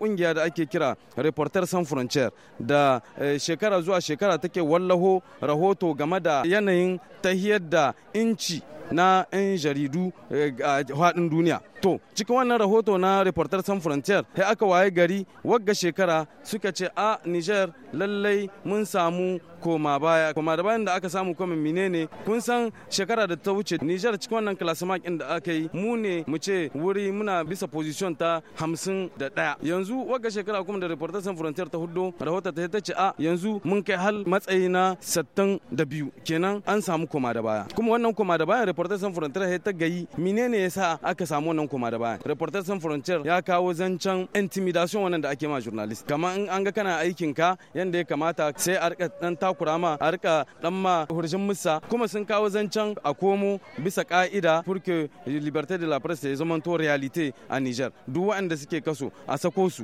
kungiya da ake kira reporter sans frontier da eh, shekara zuwa shekara take wallaho rahoto game da yanayin tahiyar da inci na 'yan jaridu eh, a faɗin duniya to cikin wannan rahoto na reporter san frontier sai aka waye gari wagga shekara suka ce a niger lallai mun samu koma baya koma da bayan da aka samu mine menene kun san shekara da ta wuce niger cikin wannan classement din da aka yi mu ne mu ce wuri muna bisa position ta hamsin da ɗaya yanzu wagga shekara kuma da reporter san frontier ta hudu rahoto ta ce a yanzu mun kai hal matsayi na sattin da biyu kenan an samu koma da baya kuma wannan koma da baya reporters san frontier ta gayi menene yasa aka samu wannan kuma da baya reporters san frontier ya kawo zancen intimidation wannan da ake ma journalist kamar in an ga kana aikin ka yanda ya kamata sai a rika dan takura ma a rika dan ma hurjin musa kuma sun kawo zancen a komo bisa ka'ida furke liberté de la presse ya zama to realite a Niger duk waɗanda suke kaso a sako su